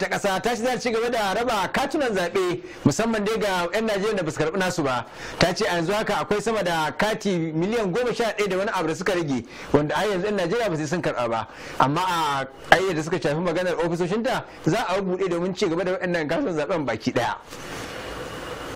ta kasa ta ce za ci gaba da raba katunan zaɓe musamman dai ga 'yan najeriya da su karɓi nasu ba ta ce a yanzu haka akwai sama da kati miliyan goma sha ɗaya da wani abu da suka rage wanda a yanzu 'yan najeriya ba su sun karɓa ba amma a ayyar da suka shafi maganar ofisoshinta za a buɗe domin ci gaba da waɗannan katunan zaɓen baki ɗaya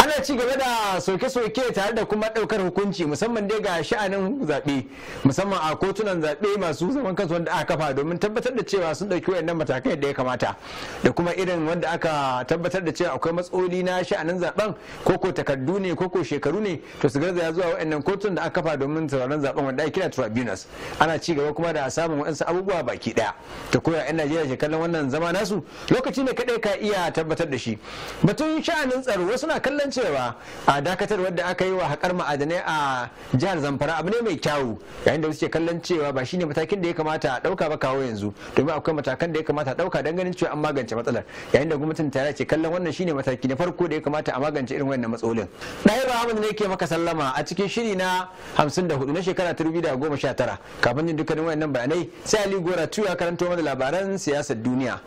ana ci gaba da soke-soke tare da kuma daukar hukunci musamman dai ga sha'anin zaɓe musamman a kotunan zaɓe masu zaman kansu wanda aka kafa domin tabbatar da cewa sun ɗauki wayannan matakai da ya kamata da kuma irin wanda aka tabbatar da cewa akwai matsaloli na sha'anin zaben koko takardu ne koko shekaru ne to su garzaya zuwa wayannan kotun da aka kafa domin sauraron zaben wanda ake kira tribunals ana ci gaba kuma da samun waɗansu abubuwa baki daya ta koya 'yan najeriya ke kallon wannan zama nasu lokaci ne kaɗai ka iya tabbatar da shi batun sha'anin tsaro wasu na kallon cewa a dakatar wadda aka yi wa haƙar ma'adanai a jihar zamfara abu ne mai kyawu yayin da suke kallon cewa ba shine matakin da ya kamata a ɗauka ba kawo yanzu domin akwai matakan da ya kamata a ɗauka don ganin cewa an magance matsalar yayin da gwamnatin tare ke kallon wannan shine mataki na farko da ya kamata a magance irin wannan matsalolin ɗaya ba Ahmad ne ke maka sallama a cikin shiri na hamsin da hudu na shekara ta dubu da goma sha tara kafin jin dukkanin wayannan bayanai sai ali gora tuya karanto mana labaran siyasar duniya.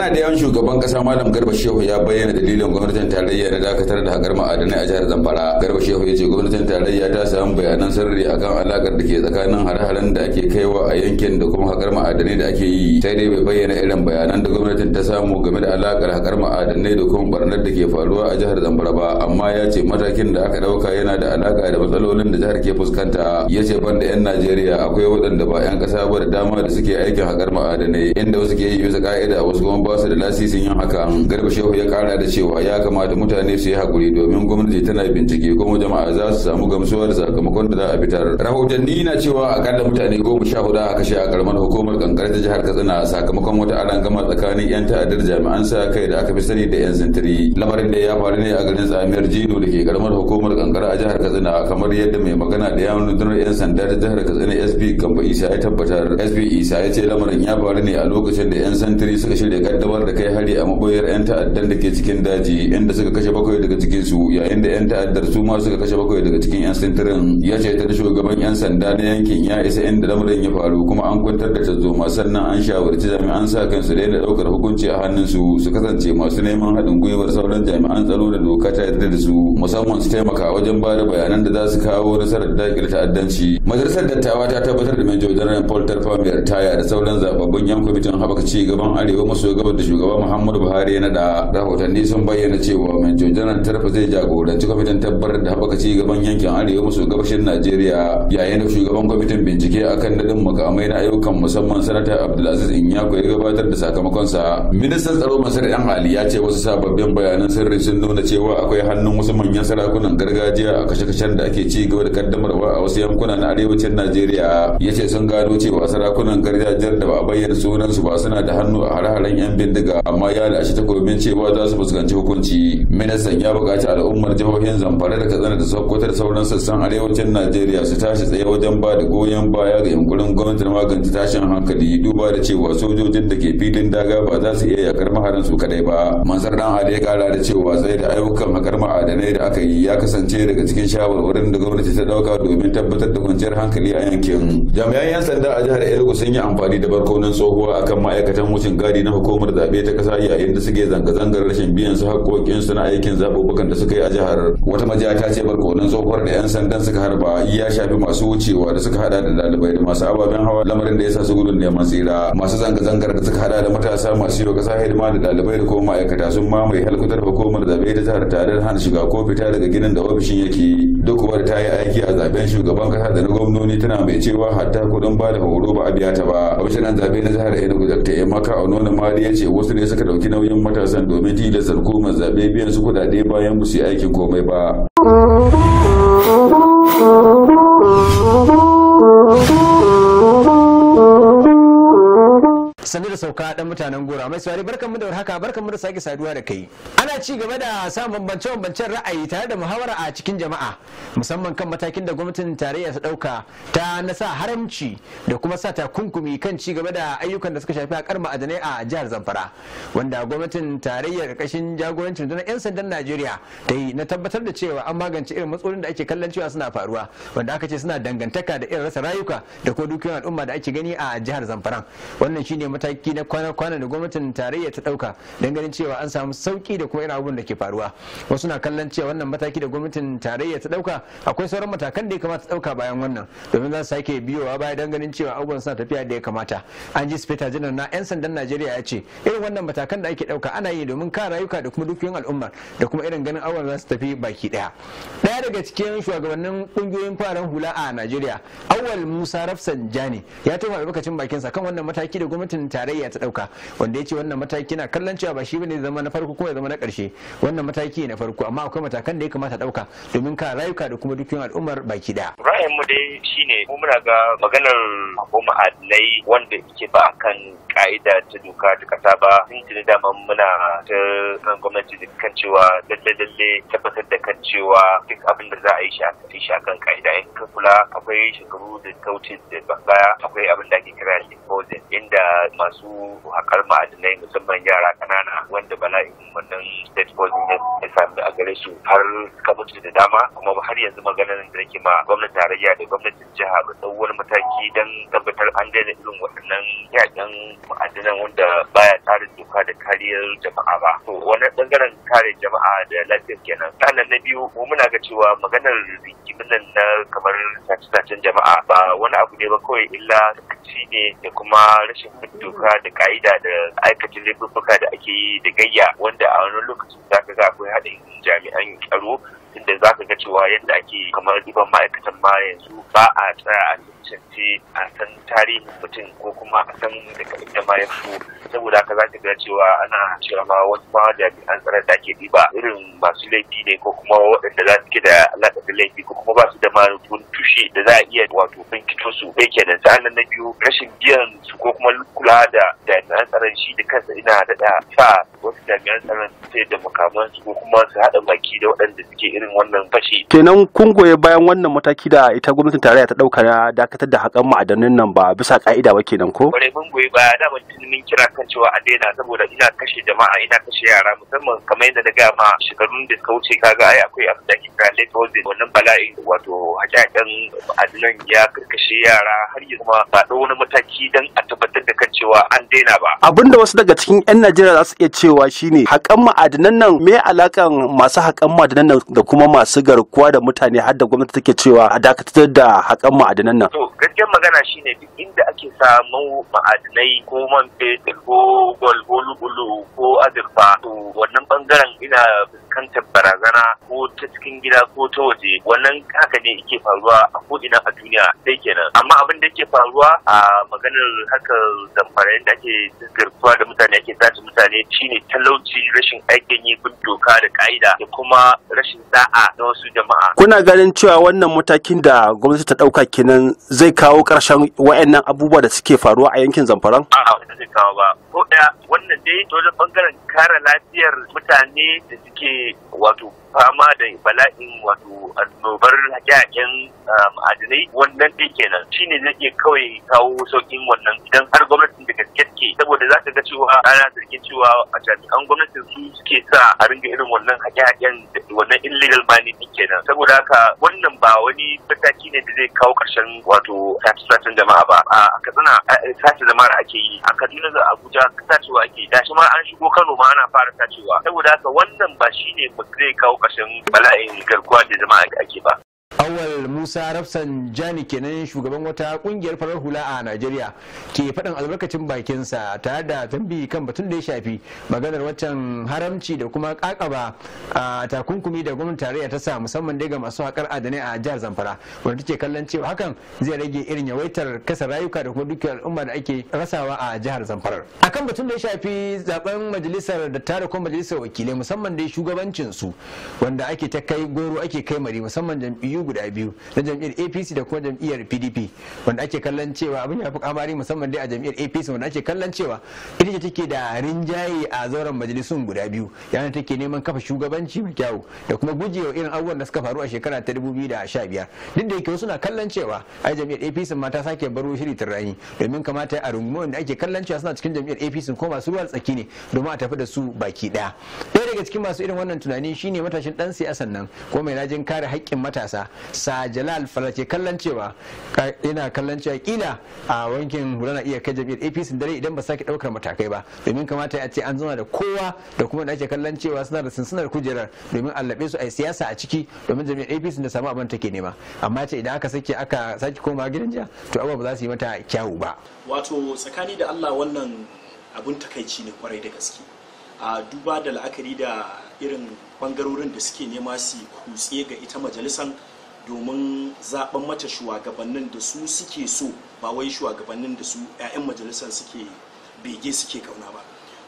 yana da yan shugaban kasa malam garba shehu ya bayyana dalilin gwamnatin tarayya na dakatar da hagar ma'adanai a jihar zamfara garba shehu ya ce gwamnatin tarayya ta samu bayanan sirri akan alakar da ke tsakanin har-haren da ake kaiwa a yankin da kuma hagar ma'adanai da ake yi sai dai bai bayyana irin bayanan da gwamnatin ta samu game da alakar hagar ma'adanai da kuma barnar da ke faruwa a jihar zamfara ba amma ya ce matakin da aka dauka yana da alaka da matsalolin da jihar ke fuskanta ya ce banda 'yan najeriya akwai waɗanda ba 'yan kasa ba da dama da suke aikin hagar ma'adanai inda wasu ke yi bisa ka'ida wasu kuma ba su da lasisin yin haka garba shehu ya kara da cewa ya kamata mutane su yi hakuri domin gwamnati tana bincike kuma jama'a za su samu gamsuwa da sakamakon da za a fitar rahotanni na cewa a akalla mutane goma sha hudu a kashe a karamar hukumar kankara ta jihar katsina sakamakon wata gama tsakanin yan ta'addar jami'an sa kai da aka fi sani da yan sintiri lamarin da ya faru ne a garin tsamiyar jino da ke karamar hukumar kankara a jihar katsina kamar yadda mai magana da nuna rundunar yan sanda ta jihar katsina sp gamba isa ya tabbatar sp isa ya ce lamarin ya faru ne a lokacin da yan santiri suka shirya kaddamar da kai hari a maboyar 'yan ta'addan da ke cikin daji inda suka kashe bakwai daga cikin su yayin da 'yan ta'addar su ma suka kashe bakwai daga cikin 'yan sintirin ya ce ta shugaban 'yan sanda na yankin ya isa inda lamarin ya faru kuma an kwantar da ma sannan an shawarci jami'an sa kan kansu daina daukar hukunci a hannun su su kasance masu neman haɗin gwiwar sauran jami'an tsaro da doka ta yarda da su musamman su taimaka wajen ba da bayanan da za su kawo nasarar daƙil ta'addanci majalisar dattawa ta tabbatar da major general paul tarfa mai da sauran zababbun yan kwamitin haɓaka ci gaban arewa maso gaba da shugaban muhammadu buhari ya nada rahotanni sun bayyana cewa mai janar tarfa zai jagoranci kwamitin tabbar da haɓaka cigaban yankin arewa maso gabashin najeriya yayin da shugaban kwamitin bincike akan daɗin makamai na ayyukan musamman sanata abdulaziz inyako ya gabatar da sakamakonsa ministan tsaro masar yan hali ya ce wasu sababbin bayanan sirri sun nuna cewa akwai hannun wasu manyan sarakunan gargajiya a kashe-kashen da ake ci gaba da kaddamarwa a wasu yankuna na arewacin najeriya ya ce sun gano cewa sarakunan gargajiyar da ba a bayyana sunansu ba suna da hannu a hare-haren yan bindiga amma ya lashe takobin cewa za su fuskanci hukunci ministan ya buƙaci al'ummar jihohin zamfara da katsina da sokoto sauran sassan arewacin najeriya su tashi tsaye wajen ba da goyon baya ga yankurin gwamnatin magance tashin hankali duba da cewa sojojin da ke filin daga ba za su iya yakar maharan su kadai ba mansar dan ya kara da cewa tsaye da ayyukan makar ma'adanai da aka yi ya kasance daga cikin shawarwarin da gwamnati ta dauka domin tabbatar da kwanciyar hankali a yankin jami'an 'yan sanda a jihar elugu sun yi amfani da barkonin tsohuwa akan ma'aikatan wucin gadi na hukumar hukumar zaɓe ta ƙasa yayin da suke zanga-zangar rashin biyan su su na aikin zaɓuɓɓukan da suka yi a jihar wata majiya ta ce barkonin tsohuwar da 'yan sandan suka harba ya shafi masu wucewa da suka hada da ɗalibai da masu ababen hawa lamarin da ya sa su gudun neman tsira masu zanga-zangar da suka hada da matasa masu yau ƙasa hidima da dalibai da kuma ma'aikata sun mamaye halkutar hukumar zaɓe ta jihar tare da hana shiga ko fita daga ginin da ofishin yake duk kubar ta yi aiki a zaben shugaban kasa da na gwamnoni tana mai cewa hatta kudin ba da horo ba a biya ta ba kwamishinan zabe na jihar enugu dr a nuna mari ya ce wasu ne suka dauki nauyin matasan domin tilasta hukumar zaɓe biyan su kudade bayan ba yi aikin komai ba Sani da sauka dan mutanen gora mai saurari barkanmu da warhaka barkanmu da sake saduwa da kai ana ci gaba da samun bambance-bambancen ra'ayi tare da muhawara a cikin jama'a musamman kan matakin da gwamnatin tarayya ta dauka ta nasa haramci da kuma sa ta kunkumi kan ci gaba da ayyukan da suka shafi a karma a jihar Zamfara wanda gwamnatin tarayya karkashin jagorancin da yan sandan Najeriya ta yi na tabbatar da cewa an magance irin matsalolin da ake kallon cewa suna faruwa wanda aka ce suna dangantaka da irin rasa rayuka da ko dukiyar al'umma da ake gani a jihar Zamfara wannan shine mataki na kwana-kwana da gwamnatin tarayya ta dauka don ganin cewa an samu sauki da kuma irin abun da ke faruwa wasu na kallon cewa wannan mataki da gwamnatin tarayya ta dauka akwai sauran matakan da ya kamata ta dauka bayan wannan domin za su sake biyowa baya don ganin cewa abubuwan suna tafiya da ya kamata an ji speta janar na yan sandan najeriya ya ce irin wannan matakan da ake dauka ana yi domin kare rayuka da kuma dukiyoyin al'umma da kuma irin ganin abubuwan za su tafi baki daya daya daga cikin shugabannin kungiyoyin fararen hula a najeriya awal musa rafsan jani ya tuma albarkacin bakinsa kan wannan mataki da gwamnatin tarayya ta dauka wanda ya ce wannan mataki na kallon cewa ba shi bane zama na farko kuma ya zama na karshe wannan mataki na farko amma akwai matakan da ya kamata dauka domin ka rayuka da kuma dukiyoyin al'ummar baki daya ra'ayin mu dai shine mu muna ga maganar ko ma'adinai wanda yake ba kan ka'ida ta doka ta kasa ba sun tuni dama muna ta gwamnati kan cewa lalle lalle tabbatar da kan cewa duk abin da za a yi shi a kan ka'ida in ka kula akwai shekaru da kautin da baya akwai abin da ake kira da inda masu haƙar ma'adinai musamman yara kanana wanda bala'in wannan state policy ne ya sami a gare su har suka mutu da dama kuma har yanzu maganar da nake ma gwamnatin tarayya da gwamnatin jiha ba ɗau wani mataki don tabbatar an daina irin waɗannan yaƙin ma'adinan wanda baya tsarin doka da kariyar jama'a ba. To wani ɓangaren kare jama'a da lafiyar kenan. Sannan na biyu mu muna ga cewa maganar rigimin na kamar sace-sacen jama'a ba wani abu ne ba kawai illa ci ne da kuma rashin mutu laifuka da ka'ida da aikacin laifuka da ake yi da gayya wanda a wani lokacin zaka ga akwai haɗin jami'an tsaro inda za ka ga cewa yadda ake kamar duban ma'aikatan ma yanzu ba a tsaya a cancanci a san tarihin mutum ko kuma a san daga inda ma ya fito saboda haka za ka ga cewa ana cewa ma wasu ma an tsara da ake diba irin masu laifi ne ko kuma waɗanda za su ke da alaƙa laifi ko kuma ba su da ma tushe da za a iya wato binkito su bai kenan sa'an na biyu rashin biyan su ko kuma kula da jami'an tsaron shi da kansa ina da da sa wasu jami'an tsaron sai da makaman su ko kuma su haɗa maki da waɗanda suke irin wannan fashi. Kenan kun goye bayan wannan mataki da ita gwamnatin tarayya ta ɗauka na dakatar da haƙan ma'adanan nan ba bisa ka'ida ba kenan ko? Kwarai mun goyi baya da mun mun kira kan cewa a daina saboda ina kashe jama'a ina kashe yara musamman kamar yadda na gaya ma shekarun da suka wuce kaga ai akwai abin da ake kira late wannan bala'i wato haƙaƙen ma'adanan ya karkashe yara har yanzu ma ba ɗau wani mataki dan a tabbatar da kan cewa an daina ba Abin da wasu daga cikin 'yan najeriya za su iya cewa shine haƙan ma'adinan nan me alakan masu haƙan ma'adinan nan da kuma masu garkuwa da mutane har da gwamnati take cewa a dakatar da haƙan ma'adinan nan to gaskiyar magana shine duk inda ake samu ma'adinai ko man fetur ko gwal ko ko azurfa to wannan bangaren ina fuskantar barazana ko ta cikin gida ko ta waje wannan haka ne yake faruwa a ko'ina a duniya amma abin da ke faruwa a maganar haka zamfara da ake garkuwa da mutane ake sace mutane shine talauci rashin aikin yi bin doka da ka'ida da kuma rashin sa'a na wasu jama'a kuna ganin cewa wannan matakin da gwamnati ta dauka kenan zai kawo karshen wa'annan abubuwa da suke faruwa a yankin zamfara? a'a wani zai kawo ba daya wannan dai wajen bangaren kare lafiyar mutane da suke wato fama da bala'in wato annobar haƙaƙen ma'adinai wannan dai kenan shine zai iya kawai kawo sauƙin wannan idan har gwamnatin da gaske saboda za ka ga cewa ana zargin cewa a jami'an gwamnatin su suke sa a ringa irin wannan haƙe-haƙen wannan illegal mining din kenan saboda haka wannan ba wani mataki ne da zai kawo ƙarshen wato satisfaction jama'a ba a katsina sace jama'a ake yi a kaduna a abuja sacewa ake da shi ma an shigo kano ma ana fara sacewa saboda haka wannan ba shine zai kawo ƙarshen bala'in garkuwa da jama'a ake ba awal musa rafsan jani kenan shugaban wata kungiyar farar hula a najeriya ke faɗin albarkacin bakinsa tare da tambayi kan batun da ya shafi maganar waccan haramci da kuma kakaba a takunkumi da gwamnati tarayya ta sa musamman dai ga masu haƙar adane a jihar zamfara wanda take kallon cewa hakan zai rage irin yawaitar kasa rayuka da kuma dukiyar al'umma da ake rasawa a jihar zamfara akan batun da ya shafi zaben majalisar da tare kuma majalisar wakilai musamman dai shugabancin su wanda ake ta kai goro ake kai mari musamman jam'iyyu jam'iyyu guda biyu na jam'iyyar apc da kuma jam'iyyar pdp wanda ake kallon cewa abin ya fi kamari musamman dai a jam'iyyar apc wanda ake kallon cewa ita ce take da rinjaye a zauren majalisun guda biyu yana take neman kafa shugabanci mai kyawu da kuma gujewa irin abubuwan da suka faru a shekara ta biyar duk da yake wasu na kallon cewa ai jam'iyyar apc ma ta sake baro shiri rani domin kamata a rungumi wanda ake kallon cewa suna cikin jam'iyyar apc ko masu ruwa tsaki ne domin a tafi da su baki daya ɗaya daga cikin masu irin wannan tunani shine matashin dan siyasan nan ko mai rajin kare haƙƙin matasa sa jalal fara ke kallon cewa ina kallon cewa kila a wankin hula na iya kai jami'ar apc dare idan ba sake daukar matakai ba domin kamata a ce an zauna da kowa da kuma da ake kallon cewa suna da sinsinar kujerar domin allabe su a siyasa a ciki domin jami'ar apc da samu abin take nema amma ce idan aka sake aka sake koma gidan jiya to abubuwa ba za su yi mata kyawu ba wato tsakani da allah wannan abun takaici ne kwarai da gaske a duba da la'akari da irin bangarorin da suke nema su kutse ga ita majalisar domin zaben mata shugabannin da su suke so ba wai shugabannin da su 'ya'yan majalisar suke bege suke kauna ba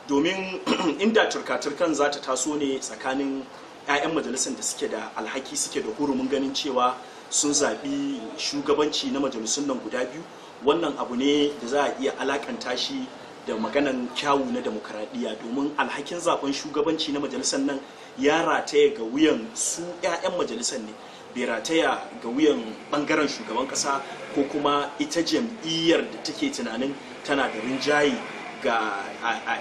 domin inda turka-turkan za ta taso ne tsakanin 'ya'yan majalisar da suke da alhaki suke da hurumin ganin cewa sun zaɓi shugabanci na majalisun nan guda biyu wannan abu ne da za a iya alakanta shi da maganan kyawu na demokaradiyya domin alhakin zaben shugabanci na majalisar nan ya rataye ga wuyan su 'ya'yan majalisar ne bai ga wuyan bangaren shugaban kasa ko kuma ita jam'iyyar da take tunanin tana da rinjaye ga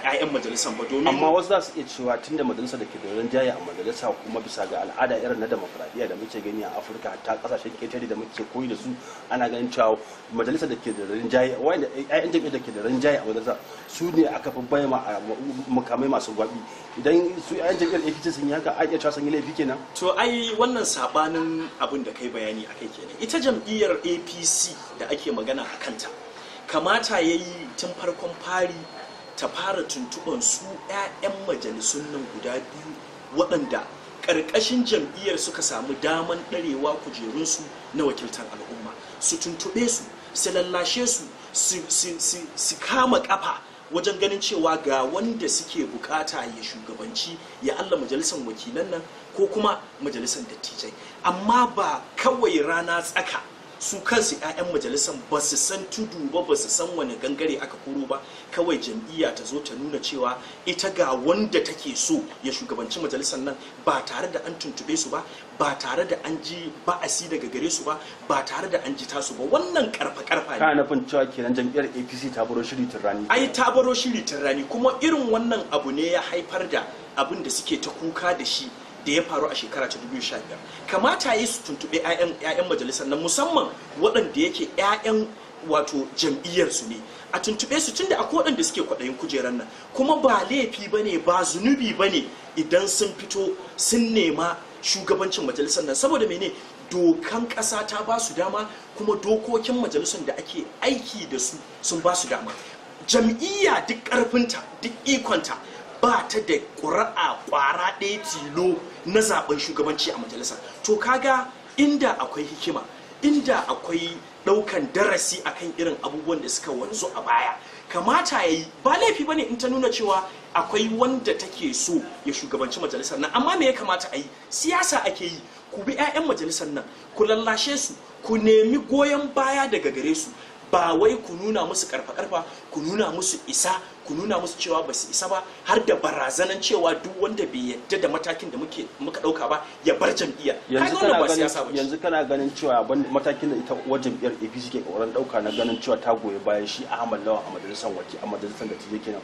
'ya'yan majalisar ba domin amma wasu za su iya cewa tun da majalisar da ke da rinjaye a majalisa kuma bisa ga al'ada irin na demokradiyya da muke gani a afirka ta kasashen ketare da muke koyi da su ana ganin cewa majalisar da ke da rinjaye wanda 'ya'yan jami'a da ke da rinjaye a majalisa su ne aka fi bai mukamai masu gwabi idan su 'ya'yan jam'iyyar APC sun yi haka a iya cewa sun yi laifi kenan to ai wannan sabanin abin da kai bayani akai kenan ita jam'iyyar APC da ake magana a kanta kamata ya yi tun farkon fari ta fara tuntuɓan su 'ya'yan majalisun nan guda biyu waɗanda ƙarƙashin jam'iyyar suka samu daman ɗarewa kujerunsu na wakiltar al'umma su tuntuɓe su su lallashe su su kama ƙafa wajen ganin cewa ga wanda suke bukata ya shugabanci ya Allah majalisar wakilan nan ko kuma majalisar dattijai amma ba kawai rana tsaka su kansu 'ya'yan majalisar ba su san tudu ba ba su san wani gangare aka koro ba kawai jam'iyya ta zo ta nuna cewa ita ga wanda take so ya shugabanci majalisar nan ba tare da an tuntube su ba ba tare da an ji ba'asi daga gare su ba ba tare da an ji tasu ba wannan karfa karfa ne ka nufin cewa kenan jam'iyyar APC ta baro shiri ai ta baro shiri kuma irin wannan abu ne ya haifar da abin da suke ta kuka da shi da ya faru a shekara ta 2015 kamata yi su tuntube 'ya'yan majalisar nan musamman waɗanda yake 'ya'yan wato jam'iyyarsu ne a tuntube su tunda akwai waɗanda suke kwaɗayin kujerar nan kuma ba laifi ba ne ba zunubi ba ne idan sun fito sun nema shugabancin majalisar nan saboda mene dokan ƙasa ta ba su dama kuma dokokin majalisar da ake aiki da su sun ba su dama jam'iyya duk ƙarfinta duk ikonta ba ta da ƙuri'a ƙwara ɗaya tilo na zaɓen shugabanci a majalisar to kaga inda akwai hikima inda akwai ɗaukan darasi akan irin abubuwan da suka wanzu a baya kamata ya yi ba laifi ba ne in ta nuna cewa akwai wanda take so ya shugabanci majalisar nan amma me ya kamata a yi siyasa ake yi ku bi 'ya'yan majalisar nan ku lallashe su ku nemi goyon baya daga gare su ba wai ku nuna musu karfa-karfa ku nuna musu isa ku nuna musu cewa ba su isa ba har da barazanan cewa duk wanda bai yadda da matakin da muke muka dauka ba ya bar jam'iyya yanzu kana ganin yanzu kana ganin cewa matakin da ita wajen jam'iyyar APC ke kokarin dauka na ganin cewa ta goyi bayan shi Ahmad Lawan a majalisar waki a majalisar da take kenan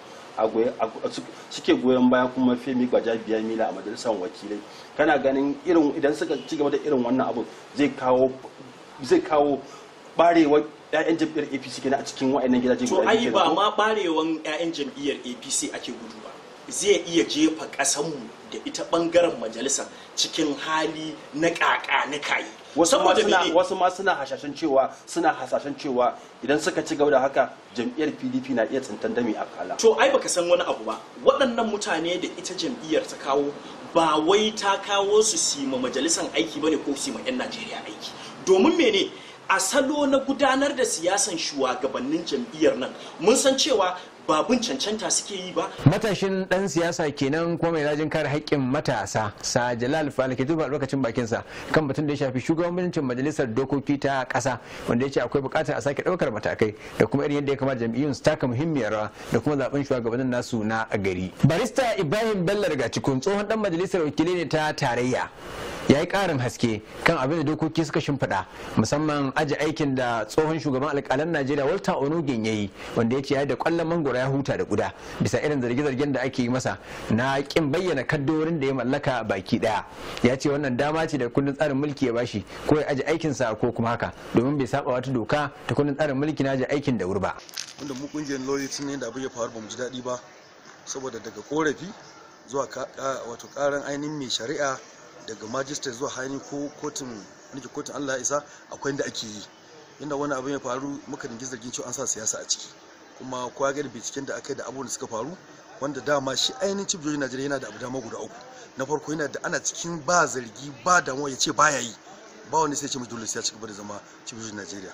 suke goyon baya kuma femi gwaja biya mila a majalisar wakilai kana ganin irin idan suka ci gaba da irin wannan abu zai kawo zai kawo barewar 'ya'yan jam'iyyar apc kenan a cikin wa'annan gidaje to ai ba ma barewan 'ya'yan jam'iyyar apc ake gudu ba zai iya jefa ƙasanmu da ita ɓangaren majalisa cikin hali na ƙaƙa na kayi wasu ma suna hasashen cewa suna hasashen cewa idan suka ci gaba da haka jam'iyyar pdp na iya tsintan dami a kala to ai baka san wani abu ba waɗannan mutane da ita jam'iyyar ta kawo ba wai ta kawo su sima majalisan aiki bane ko sima 'yan najeriya aiki domin mene a salo na gudanar da siyasan shugabannin jam'iyyar nan mun san cewa babun cancanta suke yi ba. Matashin dan siyasa kenan kuma mai rajin kare haƙƙin matasa sa Jalal Fani ke lokacin bakin bakinsa kan batun da ya shafi shugabancin majalisar dokoki ta ƙasa wanda ya ce akwai buƙatar a sake ɗaukar matakai da kuma irin yadda ya kamata jam'iyyun su taka muhimmiyar rawa da kuma zaɓen shugabannin nasu na gari. Barista Ibrahim Bello daga cikin tsohon dan majalisar wakilai ne ta tarayya. ya yi ƙarin haske kan abin da dokoki suka shimfiɗa musamman aji aikin da tsohon shugaban alƙalan najeriya walter onogin ya yi wanda ya ce ya da ƙwallon mangoro ya huta da guda bisa irin zarge-zargen da ake yi masa na ƙin bayyana kaddorin da ya mallaka baki ɗaya ya ce wannan dama ce da kundin tsarin mulki ya bashi ko ya aji sa ko kuma haka domin bai saba wata doka ta kundin tsarin mulki na aji aikin da wuri ba. wanda mu kungiyar lauyoyi ne da abu ya faru ba mu ji daɗi ba saboda daga korafi zuwa wato karan ainihin mai shari'a daga majistar zuwa hanyar ko kotun nake kotun Allah isa akwai inda ake yi inda wani abin ya faru muka dingi zargin cewa an sa siyasa a ciki kuma kowa binciken da aka yi da abubuwan da suka faru wanda dama shi ainihin cibiyoyin jojin Najeriya yana da abu dama guda uku na farko yana da ana cikin ba zargi ba damuwa ya ce baya yi ba wani sai ce mai dole sai ya ci gaba da zama cibiyoyin Najeriya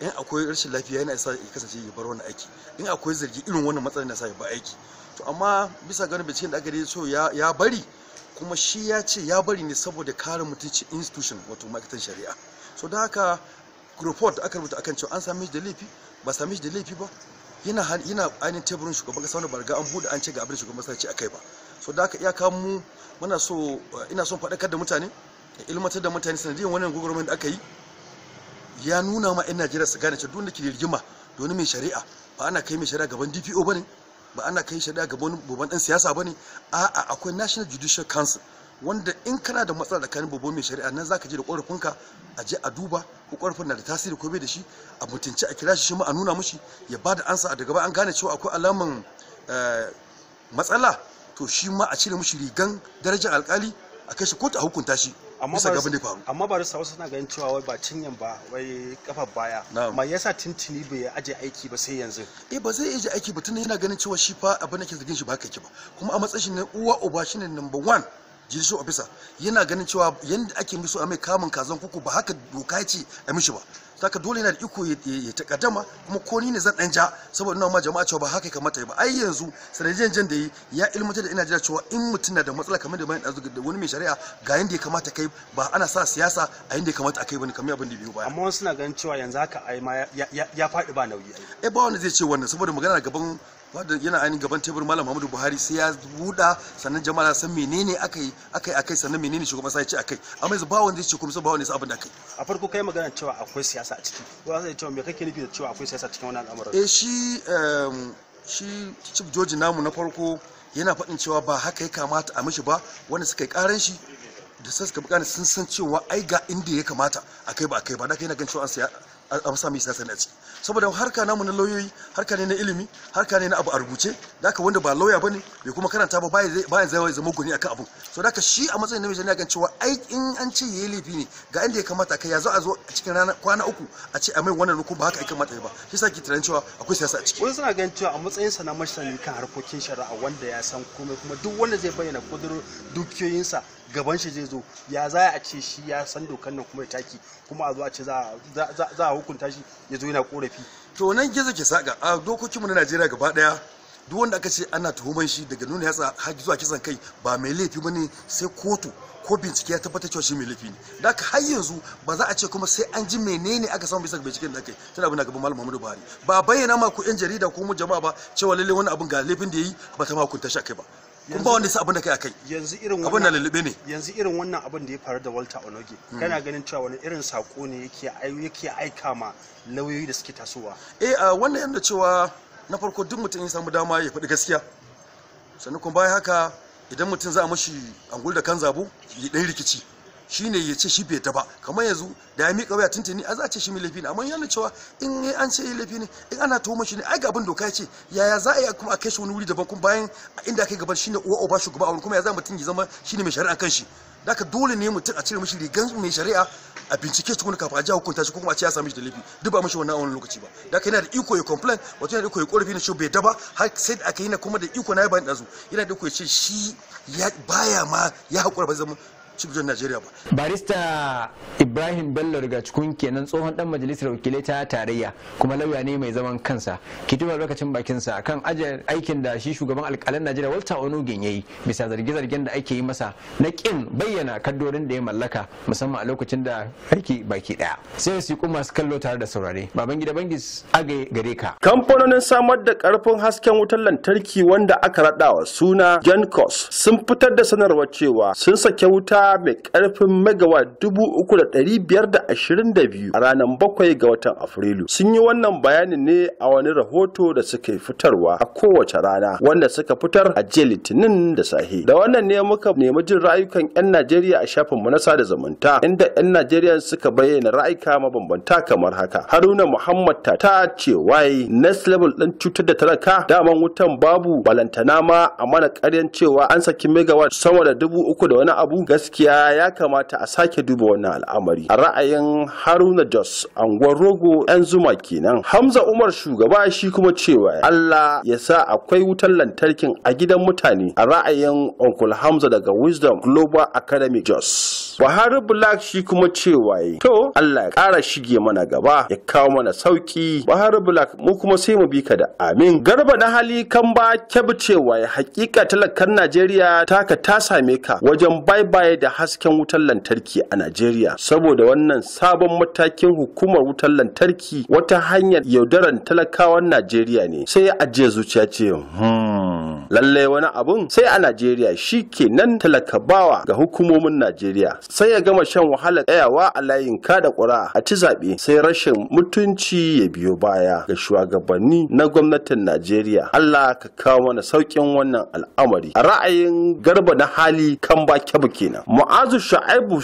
in akwai rashin lafiya yana isa ya kasance ya bar wani aiki in akwai zargi irin wannan matsalar na sa ya ba aiki to amma bisa ganin binciken da aka yi so ya bari kuma shi ya ce ya bari ne saboda kare mutunci institution wato ma'aikatan shari'a so da haka report aka rubuta akan cewa an sami shi da laifi ba sami shi da laifi ba yana yana ainihin teburin shugaban kasa wani barga an bude an ce ga abin shugaban kasa ce akai ba so da haka iyaka mu muna so eh, ina son faɗakar da mutane ilmantar da mutane sanadiyar wannan gwagwarmayar da aka yi ya nuna ma 'yan najeriya su gane cewa duk da ke rigima da mai shari'a ba ana kai mai shari'a gaban dpo ba ne ba ana kai shari'a ga wani babban dan siyasa bane a'a akwai National Judicial Council wanda in kana da matsala tsakanin babba mai shari'a nan zaka je da korafinka a je a duba ko korafin na da tasiri ko bai da shi a mutunci a kira shi shi ma a nuna mushi ya ba da ansa a daga ba an gane cewa akwai alaman eh, matsala to shi ma a cire mushi rigan darajar alkali a kai shi kotu a hukunta shi da amma ba da wasu suna ganin cewa wai ba cinyan ba wai kafar baya ma yasa tintini bai aje aiki ba sai yanzu eh ba zai aje aiki ba tunan yana ganin cewa shi fa abin da ke zargin shi ba kake ba kuma a matsayin shi ne uwa uba shine number one judicial officer yana ganin cewa yanda ake miso a mai kamun kazan kuku ba haka doka ce a mishi ba saka dole yana da iko ya takaddama kuma ko ni ne zan dan ja saboda ina ma jama'a cewa ba haka kamata ba ai yanzu sanadiyan jan da yi ya ilmantar da ina jira cewa in mutum na da matsala kamar da bayan da wani mai shari'a ga yanda ya kamata kai ba ana sa siyasa a yanda ya kamata a kai bane kamar abin da biyu baya amma wasu na ganin cewa yanzu haka ai ma ya faɗi ba nauyi ai bawa eh, ba wanda zai ce wannan saboda magana gaban wanda yana ainihin gaban tebur malam muhammadu buhari sai ya buɗa sannan jama'a san menene aka yi aka yi akai sannan menene shugaban sai ya ce akai amma yanzu ba wanda ya ce kuma sai ba wanda ya san abin da kai. a farko kai magana cewa akwai siyasa a ciki ko zai cewa me kake nufi da cewa akwai siyasa cikin wannan al'amarin eh shi shi chief george namu na farko yana faɗin cewa ba haka ya kamata a mishi ba wanda suka yi karan shi da suka bukana sun san cewa ai ga inda ya kamata akai ba akai ba da kai na gan cewa an an sami siyasa ne a ciki saboda harka namu na lauyoyi harka ne na ilimi harka ne na abu a rubuce daka wanda ba lauya ne bai kuma karanta ba bayan zai zama goni akan abu so daka shi a matsayin namiji ne kan cewa ai in an ce yi laifi ne ga inda ya kamata kai ya zo a zo a cikin rana kwana uku a ce a mai wannan ko ba haka ya kamata ba shi yasa ki tunanin cewa akwai siyasa a ciki wani suna ganin cewa a matsayin sa na masani kan harkokin shari'a wanda ya san komai kuma duk wanda zai bayyana kudurin dukiyoyinsa gaban shi zai zo ya za a ce shi ya san dokan nan kuma ya taki kuma a zo a ce za a hukunta shi ya zo yana korafi to nan gizo ke saka a dokokinmu na najeriya gaba daya duk wanda aka ce ana tuhuman shi daga nuna yatsa har zuwa kisan kai ba mai laifi ba ne sai kotu ko bincike ya tabbatar cewa shi mai laifi ne da ka har yanzu ba za a ce kuma sai an ji menene aka samu bisa binciken da aka tana abin gaban malam Muhammadu Buhari ba bayyana ma ku yan jarida ko mu jama'a ba cewa lalle wani abin ga laifin da yayi ba ta ma hukunta shi akai ba kun ba wanda ya abin da kai akai yanzu irin abin da lulube ne yanzu irin wannan abin da ya faru da Walter Onoge hmm. kana ganin cewa wani irin sako ne yake yake aika ma lauyoyi da suke tasowa eh wannan yanda cewa na farko duk mutum ya samu dama ya faɗi gaskiya sannan kuma bayan haka idan mutum za a mashi angul da kan zabu ya ɗan rikici shine ya ce shi bai ta ba kamar yanzu da ya miƙa waya tuntuni a za ce shi mai laifi ne amma yana cewa in yi an ce yi laifi ne in ana tuhumar shi ne ai ga abin doka ya ce yaya za a yi kuma a kai shi wani wuri daban kuma bayan inda aka gaban shine uwa uba shugaba a wani kuma ya za mutum ya zama shine mai shari'a kan shi daka dole ne mutum a cire mashi rigan mai shari'a a bincike tukuna kafin a ji hukunta shi ko kuma a ce ya sami shi da laifi duk ba mashi wannan a wani lokaci ba daka yana da iko ya complain wato yana da iko ya korafi na shi bai ba har sai da aka yi na kuma da iko na ya bayan ɗazu yana da iko ya ce shi baya ma ya haƙura ba zama cibiyar najeriya ba barista ibrahim bello daga cikun kenan tsohon dan majalisar wakilai ta tarayya kuma lauya ne mai zaman kansa ke tuba lokacin bakinsa kan aikin da shi shugaban alƙalan najeriya walter onugin ya bisa zarge-zargen da ake yi masa na kin bayyana kaddorin da ya mallaka musamman a lokacin da aiki baki daya sai su kuma masu kallo tare da saurare baban gida bangis aga gare ka kamfanonin samar da karfin hasken wutar lantarki wanda aka raɗawa suna gencos sun fitar da sanarwar cewa sun sake wuta A mai karfin megawa biyu a ranar bakwai ga watan Afrilu. Sun yi wannan bayanin ne a wani rahoto da suka fitarwa a kowace rana wanda suka fitar a jiya Litinin da sahi. Da wannan ne muka nemi jin ra'ayukan 'yan Najeriya a shafinmu na sada zumunta inda 'yan Najeriya suka bayyana ra'ayuka mabambanta kamar haka. Haruna Muhammad ta ce wai next level ɗin cutar da talaka daman wutan babu balantana ma a mana karyan cewa an saki megawa sama da dubu uku da wani abu gaskiya gaskiya ya kamata a sake duba wannan al'amari a ra'ayin haruna jos anguwar rogo yan zuma kenan hamza umar shugaba shi kuma cewa allah ya sa akwai wutar lantarkin a gidan mutane a ra'ayin uncle hamza daga wisdom global academy jos buhari black shi kuma cewa to allah ya kara shige mana gaba ya kawo mana sauki buhari black mu kuma sai mu bi ka da amin garba na hali kan ba kyabu ya hakika talakar najeriya taka ta same ka wajen bye bye da hasken wutar lantarki a Najeriya saboda wannan sabon matakin hukumar wutar lantarki wata hanyar yaudarar talakawan Najeriya ne sai ya ajiye zuciya ce hmm, lallai wani abun sai a Najeriya shi ke nan talakabawa ga hukumomin Najeriya sai ya gama shan wahalar tsayawa a layin kada kura a ci zaɓe sai rashin mutunci ya biyo baya ga shugabanni na gwamnatin Najeriya Allah ka kawo mana saukin wannan al'amari a ra'ayin garba na hali kan ba kyabu kenan mu'azu sha'aibu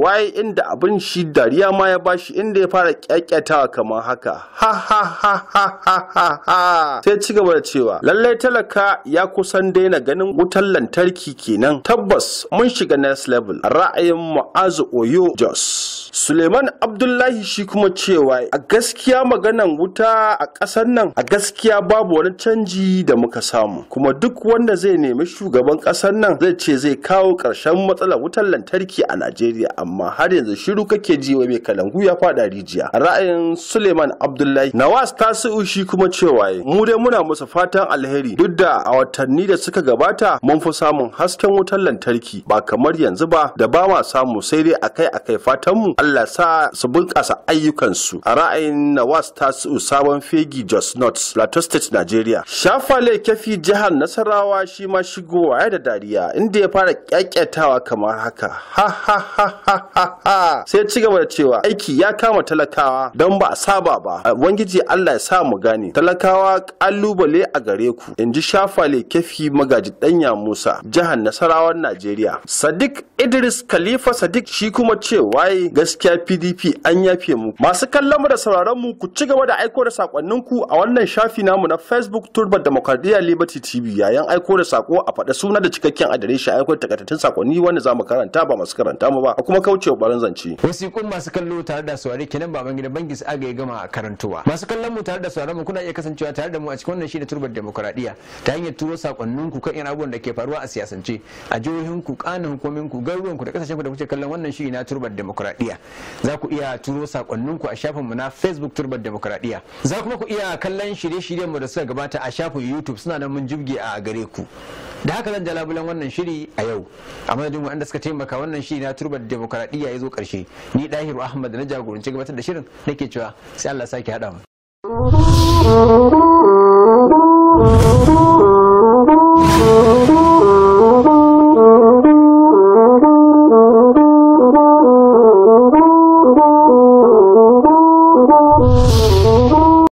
waye inda abin shi dariya ma ya bashi inda ya fara kyakkyatawa kamar haka ha ha ha ha sai ci gaba da cewa lallai talaka ya kusan daina ganin wutar lantarki kenan tabbas mun shiga next level ra'ayin mu'azu oyo jos Suleiman Abdullahi shi kuma cewa a gaskiya maganan wuta a ƙasar nan a gaskiya babu wani canji da muka samu kuma duk wanda zai nemi shugaban ƙasar nan zai ce zai kawo ƙarshen matsalar wutar lantarki a Najeriya amma har yanzu shiru kake ji wa mai kalangu ya faɗa rijiya. Ra'ayin Suleiman Abdullahi ta Tasi'u shi kuma cewa mu dai muna musu fatan alheri duk da a watanni da suka gabata mun fi samun hasken wutar lantarki ba kamar yanzu ba da ba ma samu sai dai akai-akai fatanmu Allah sa su bunƙasa ayyukansu a ra'ayin Nawas Tasu sabon fegi Jos North Plateau State Nigeria. Shafale kafi jihar Nasarawa shi ma shigowa ya da dariya inda ya fara kyakkyatawa kamar haka. Ha ha ha ha ha ha. Sai ci gaba da cewa aiki ya kama talakawa don ba a saba ba. Ubangiji Allah ya sa mu gane. Talakawa kalubale a gare ku. In ji Shafale kafi magaji danya Musa jihar nasarawa Najeriya. Sadiq Idris Khalifa Sadiq shi kuma ce waye gaskiya PDP an yafe mu. Masu kallon mu da sauraron mu ku ci gaba da aiko da sakonnin ku a wannan shafi namu na Facebook Turbar Demokradiya Liberty TV yayin aiko da sako a faɗa suna da cikakken adireshi aiko da takaitattun sakonni wanda zamu karanta ba masu karanta mu ba kuma kaucewa barin zance. Wasiƙun masu kallo tare da saurare kenan baban gida Bangis aga ya gama karantowa. Masu kallon mu tare da sauraron mu kuna iya kasancewa tare da mu a cikin wannan shi da Turbar Demokradiya ta hanyar turo sakonnin ku kan irin abubuwan da ke faruwa a siyasance a jihohin ku kanin hukumin ku garuruwan ku da kasashen ku da kuke kallon wannan shirin na Turbar Demokradiya. za ku iya turo sakonninku a mu na facebook turbar demokradiya za kuma ku iya kallon shirye-shiryenmu da suka gabata a shafin youtube suna nan mun jibge a gare ku da haka zan jalabulan wannan shiri a yau a madadin wanda suka taimaka wannan shiri na turbar demokradiya ya zo karshe ni dahiru ahmad na jagoranci gabatar da shirin nake cewa sai allah sake haɗa mu